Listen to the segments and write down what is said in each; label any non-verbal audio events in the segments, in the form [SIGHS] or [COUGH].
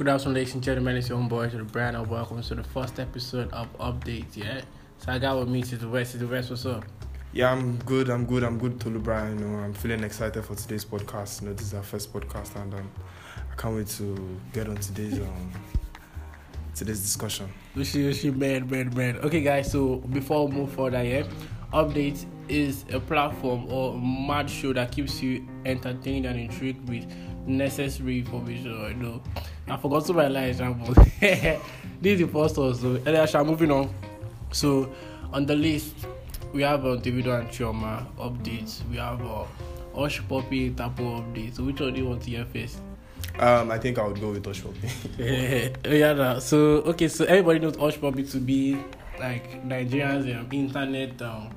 Good afternoon, ladies and gentlemen. It's your boy, to the brand, and welcome to the first episode of Update. Yeah, so I got with me to the West. To the West, what's up? Yeah, I'm good. I'm good. I'm good, Tolu Brian. You know, I'm feeling excited for today's podcast. You know, this is our first podcast, and um, I can't wait to get on today's um today's discussion. Ushi, ushi, man, man, man. Okay, guys. So before we move further, yeah, Update is a platform or a mad show that keeps you entertained and intrigued with necessary information. You know I forgot to my life, Shamu. this is the first one, so earlier, Shamu, moving on. So, on the list, we have uh, um, Davido and Chioma updates. We have uh, Osh Poppy Tapo updates. So, which one do you want to hear first? Um, I think I would go with Osh Poppy. [LAUGHS] Oh, yeah, yeah. No. So, okay, so everybody knows Osh Poppy to be like Nigeria's um, internet um,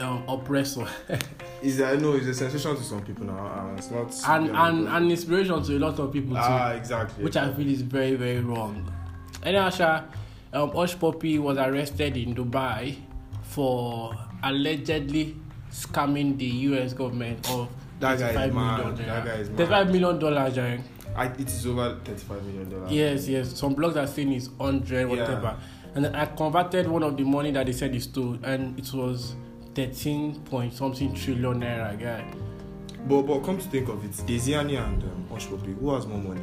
um, oppressor. [LAUGHS] is that no? It's a sensation to some people now, and it's not. And and, and inspiration to a lot of people too. Ah, exactly. Which I feel is very very wrong. Anyhow, Sha, um, Osh Poppy was arrested in Dubai for allegedly scamming the U.S. government of that guy is mad. That guy is mad. Thirty-five million dollars, Jaren. I, it is over thirty-five million dollars. Yes, yes. Some blogs are saying it's hundred, whatever. Yeah. And I converted one of the money that they said is stolen, and it was. mm thirteen point something trillion naira guy. but but come to think of it Deziani and um, who has more money.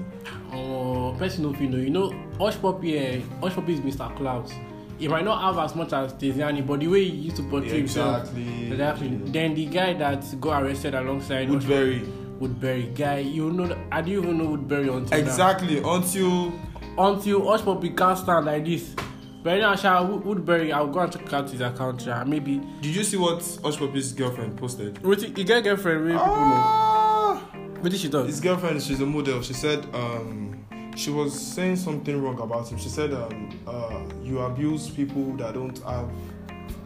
omo uh, person no fit know you know Oshpopi uh, eh, is Mr Clout he might not have as much as Deziani but the way he used to portray yeah, exactly. himself exactly yeah. then the guy that got arrested alongside Woodbury Oshpopi, Woodbury guy you know I don't even know Woodbury until exactly now. until until Oshpopi can't stand like this But now, Sha Woodbury, I'll go and check out his account. Yeah, Maybe. Did you see what Osh Poppy's girlfriend posted? What he get girlfriend? Really ah, people know. Ah! What did she do? His girlfriend, she's a model. She said, um, she was saying something wrong about him. She said, um, uh, you abuse people that don't have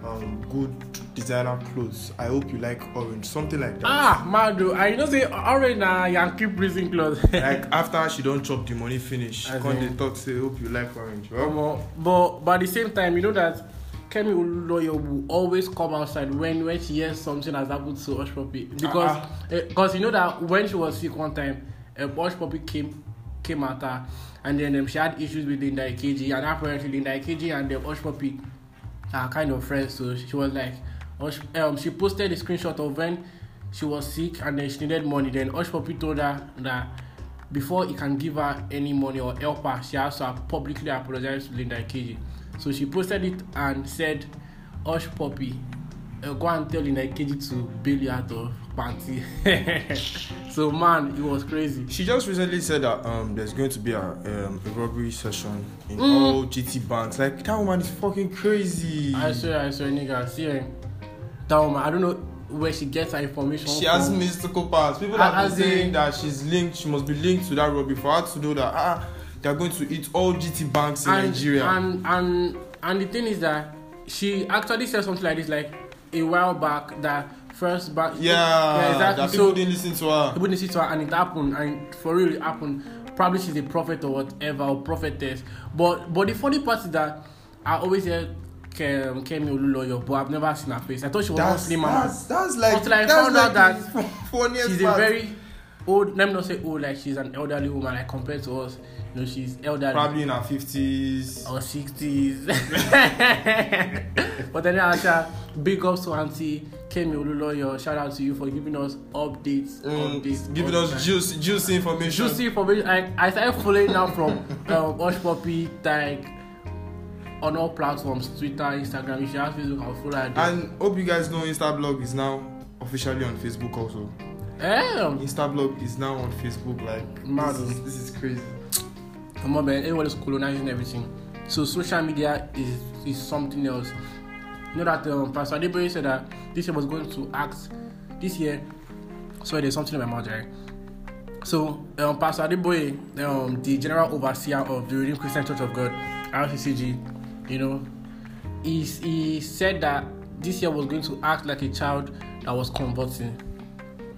um, good designer clothes. I hope you like orange, something like that. Ah, Madu, I know say orange na uh, Yankee prison clothes. [LAUGHS] like after she don chop the money finish, she come dey talk say hope you like orange. Well, um, but but at the same time, you know that Kemi Oloyo will always come outside when when she hears something has happened to Hush Puppy because because ah, ah. eh, uh-uh. uh, you know that when she was sick one time, uh, Hush Puppy came came at her and then um, she had issues with Linda Ikeji and apparently Linda Ikeji and um, Hush Puppy her kind of friends. So she was like, um, she posted a screenshot of when she was sick and then she needed money. Then Osh Poppy told her that before he can give her any money or help her, she has to publicly apologize to Linda Keji. So she posted it and said, Osh Poppy, Eh, go and tell Inaikeji to bail you out of party. [LAUGHS] so man, it was crazy. She just recently said that um, there's going to be a, um, a robbery session in mm. all GT banks. Like that woman is fucking crazy. I swear, I swear, nigga. See, eh, that woman. I don't know where she gets her information. She from. has mystical powers. People are saying that she's linked. She must be linked to that robbery for her to know that ah, they are going to eat all GT banks in and, Nigeria. And and and the thing is that she actually said something like this, like a while back that first back. Yeah, yeah exactly. That people so, didn't listen to her. People didn't listen to her, and it happened, and for real, it happened. Probably she's a prophet or whatever, or prophetess. But but the funny part is that I always hear Kem, Kemi Oluloyo, but I've never seen her face. I thought she was that's, Muslim. That's, that's like, until I that's found like out that [LAUGHS] funniest she's part. a very old let me not say old like she's an elderly woman like compared to us you know she's elderly probably in her 50s or 60s [LAUGHS] but then after, big ups to auntie Kemi Oluloyo shout out to you for giving us updates mm, updates giving us juice juicy information juicy information I, I started following now from um, Hush Puppy like on all platforms Twitter Instagram if you have Facebook I'll follow her there. and hope you guys know Insta Blog is now officially on Facebook also Damn. blog is now on Facebook. Like, mad. This, this, is crazy. Come on, man. Everyone is colonizing everything. So social media is is something else. You know that um, Pastor Deboe said that this year was going to act. This year, sorry, there's something in my mouth, right? So, um, Pastor Adeboye, um, the general overseer of the Redeemed Christian Church of God, RCCG, you know, he, he said that this year was going to act like a child that was converting.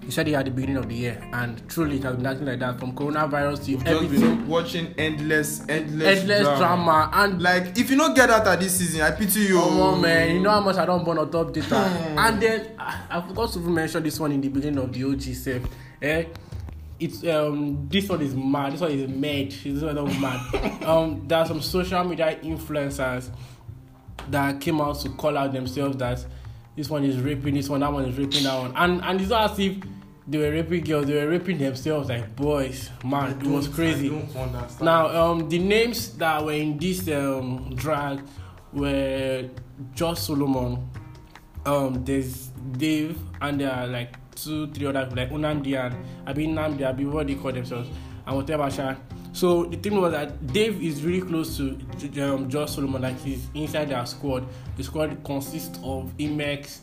He said he had the beginning of the year, and truly it has been nothing like that from coronavirus to You've everything. Just been watching endless, endless, endless drama. drama, and like if you don't get out at this season, I pity you. Oh on, man! You know how much I don't burn on top data. [SIGHS] and then I, I forgot to mention this one in the beginning of the OG set. Eh? it's um this one is mad this one is mad this one is mad [LAUGHS] um there are some social media influencers that came out to call out themselves that this one is raping this one, that one is raping that one. And and it's not as if they were raping girls, they were raping themselves like boys. Man, it was crazy. Now, um, the names that were in this um, drag were Josh Solomon, um, there's Dave, and there are like two, three other like Unamdi and Abi Namdi, Abi what they call themselves, and whatever. Sha. So the thing was that Dave is really close to um, Josh Solomon, like he's inside their squad. The squad consists of Imex,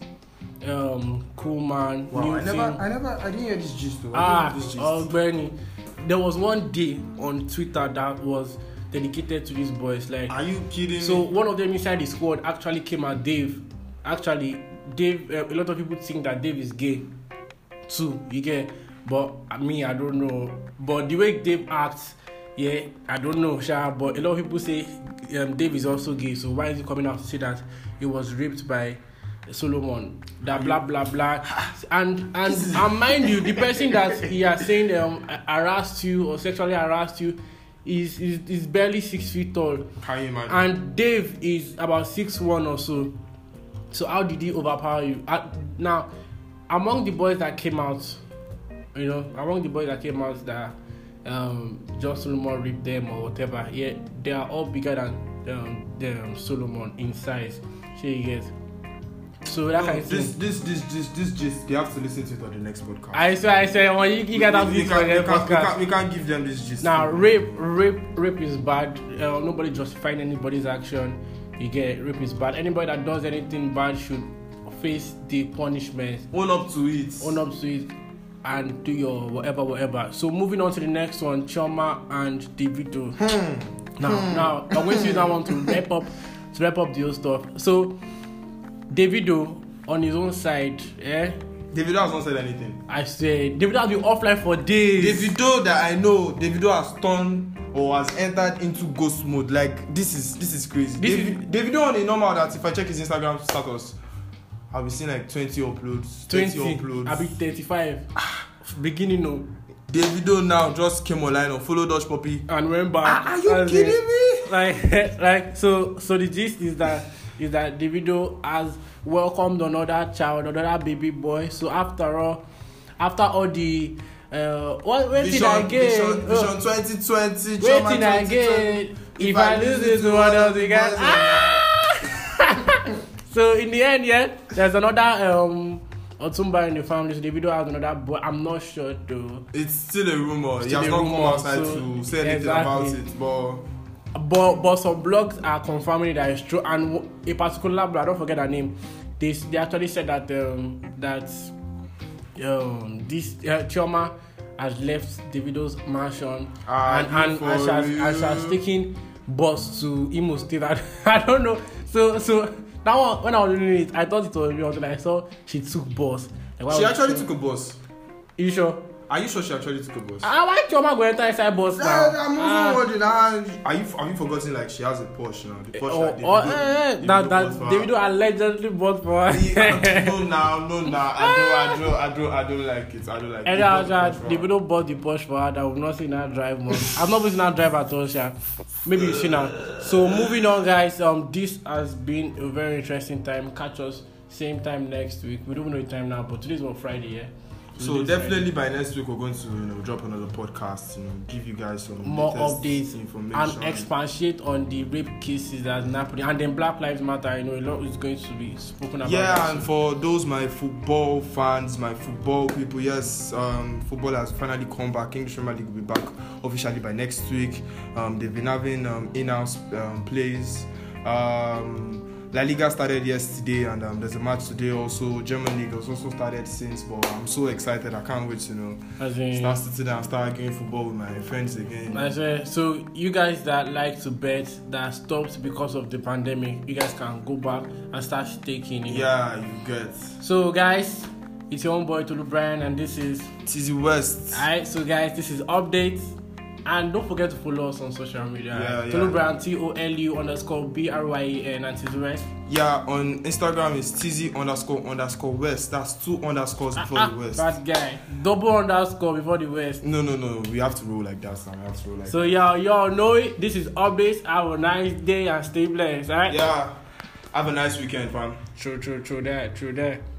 um, Coleman, wow, Newton. I never, I never, I didn't hear this gist though. I ah, Oh, Bernie. There was one day on Twitter that was dedicated to these boys. Like, are you kidding? So me? one of them inside the squad actually came at Dave. Actually, Dave. Uh, a lot of people think that Dave is gay, too. You get. But I me, mean, I don't know. But the way Dave acts, yeah, I don't know, Sha, but a lot of people say um, Dave is also gay, so why is he coming out to say that he was raped by Solomon? That blah blah blah, and and [LAUGHS] and mind you, the person that he has saying um harassed you or sexually harassed you. Is, is is barely six feet tall. Can you imagine? And Dave is about six one or so. So how did he overpower you? Uh, now, among the boys that came out, you know, among the boys that came out that um, John Solomon ripped them or whatever. Yeah, they are all bigger than um, them Solomon in size. So you get. So that no, kind of this, thing. this this this this gist they have to listen to it on the next podcast. I say I say well, you, you we, guys have to listen to the podcast. We can't, we can't give them this gist. Now nah, rape rape rape is bad. Uh, nobody justifying anybody's action. You get rape is bad. Anybody that does anything bad should face the punishment. Own up to it. Own up to it and do your whatever, whatever. So moving on to the next one, Choma and Davido. Hmm. Now, hmm. now I'm going to use that one to wrap up, to wrap up the whole stuff. So Davido on his own side, yeah. Davido has not said anything. I say Davido has been offline for days. Davido that I know, Davido has turned or has entered into ghost mode. Like this is this is crazy. This David, is... Davido on a normal that if I check his Instagram status I'll be seeing like 20 uploads. 20, 20 uploads. I'll be 35. Beginning of. video now just came online on Follow Dutch Puppy. And went back. Ah, are you kidding in, me? Like, [LAUGHS] like so, so the gist is that is that the video has welcomed another child, another baby boy. So after all, after all the uh, what did I get? vision, oh, vision 2020, waiting I get? if I lose this, what else we got? Ah! So in the end, yeah, there's another um Otumba in the family. So Davido has another, but I'm not sure though. It's still a rumor. Still he has not rumor, come outside so to say anything exactly. about it, but. But but some blogs are confirming that it's true, and a particular blog, I don't forget her name. They they actually said that um, that um, this uh, Chioma has left Davido's mansion and and, and she has, and she has taken bus to Imo State. [LAUGHS] I don't know. So so that one when I was doing it, I thought it was real until I saw she took bus. Like, she actually took a bus. you sure? Are you sure she actually took a bus? I ah, like Chioma go enter inside bus now. Yeah, I'm moving uh, on. Are you are you forgetting like she has a Porsche now? The Porsche oh, that Davido, oh, eh, eh Davido that, that Davido allegedly bought for her. [LAUGHS] no now, no now. I don't, I don't, I don't, I don't like it. I don't like. And I was Davido bought the Porsche for her. That we've not seen her drive much. I've not been seen her drive at all, Sha. Maybe you see now. So moving on, guys. Um, this has been a very interesting time. Catch us same time next week. We don't know the time now, but today is on Friday, yeah. So definitely by next week we're going to you know drop another podcast, you know, give you guys some more updates, information, and expatiate on the rape cases that's happening, and then Black Lives Matter. You know, a lot is going to be spoken about. Yeah, and for those my football fans, my football people, yes, um, football has finally come back. English Premier League will be back officially by next week. Um, they've been having um, in-house um, plays. Um, La Liga started yesterday, and um, there's a match today also. German league has also started since, but I'm so excited. I can't wait to you know As in, start sitting down, start playing football with my friends again. As say, so you guys that like to bet that stopped because of the pandemic, you guys can go back and start taking. You know? Yeah, you get. So guys, it's your own boy Tulu Brian, and this is Tizzy West. Alright, so guys, this is updates. And don't forget to follow us on social media. Yeah, yeah. Tolu Bryan, T O L U underscore B R Y E N and Tizu West. Yeah, on Instagram is TZ underscore underscore West. That's two underscores ah, before uh, the ah, West. That guy. Double underscore before the West. No, no, no. We have to roll like that, Sam. We have to roll like So, yeah, y'all know it. This is Updates. Have a nice day and stay blessed, Right? Yeah. Have a nice weekend, fam. True, true, true that, true that.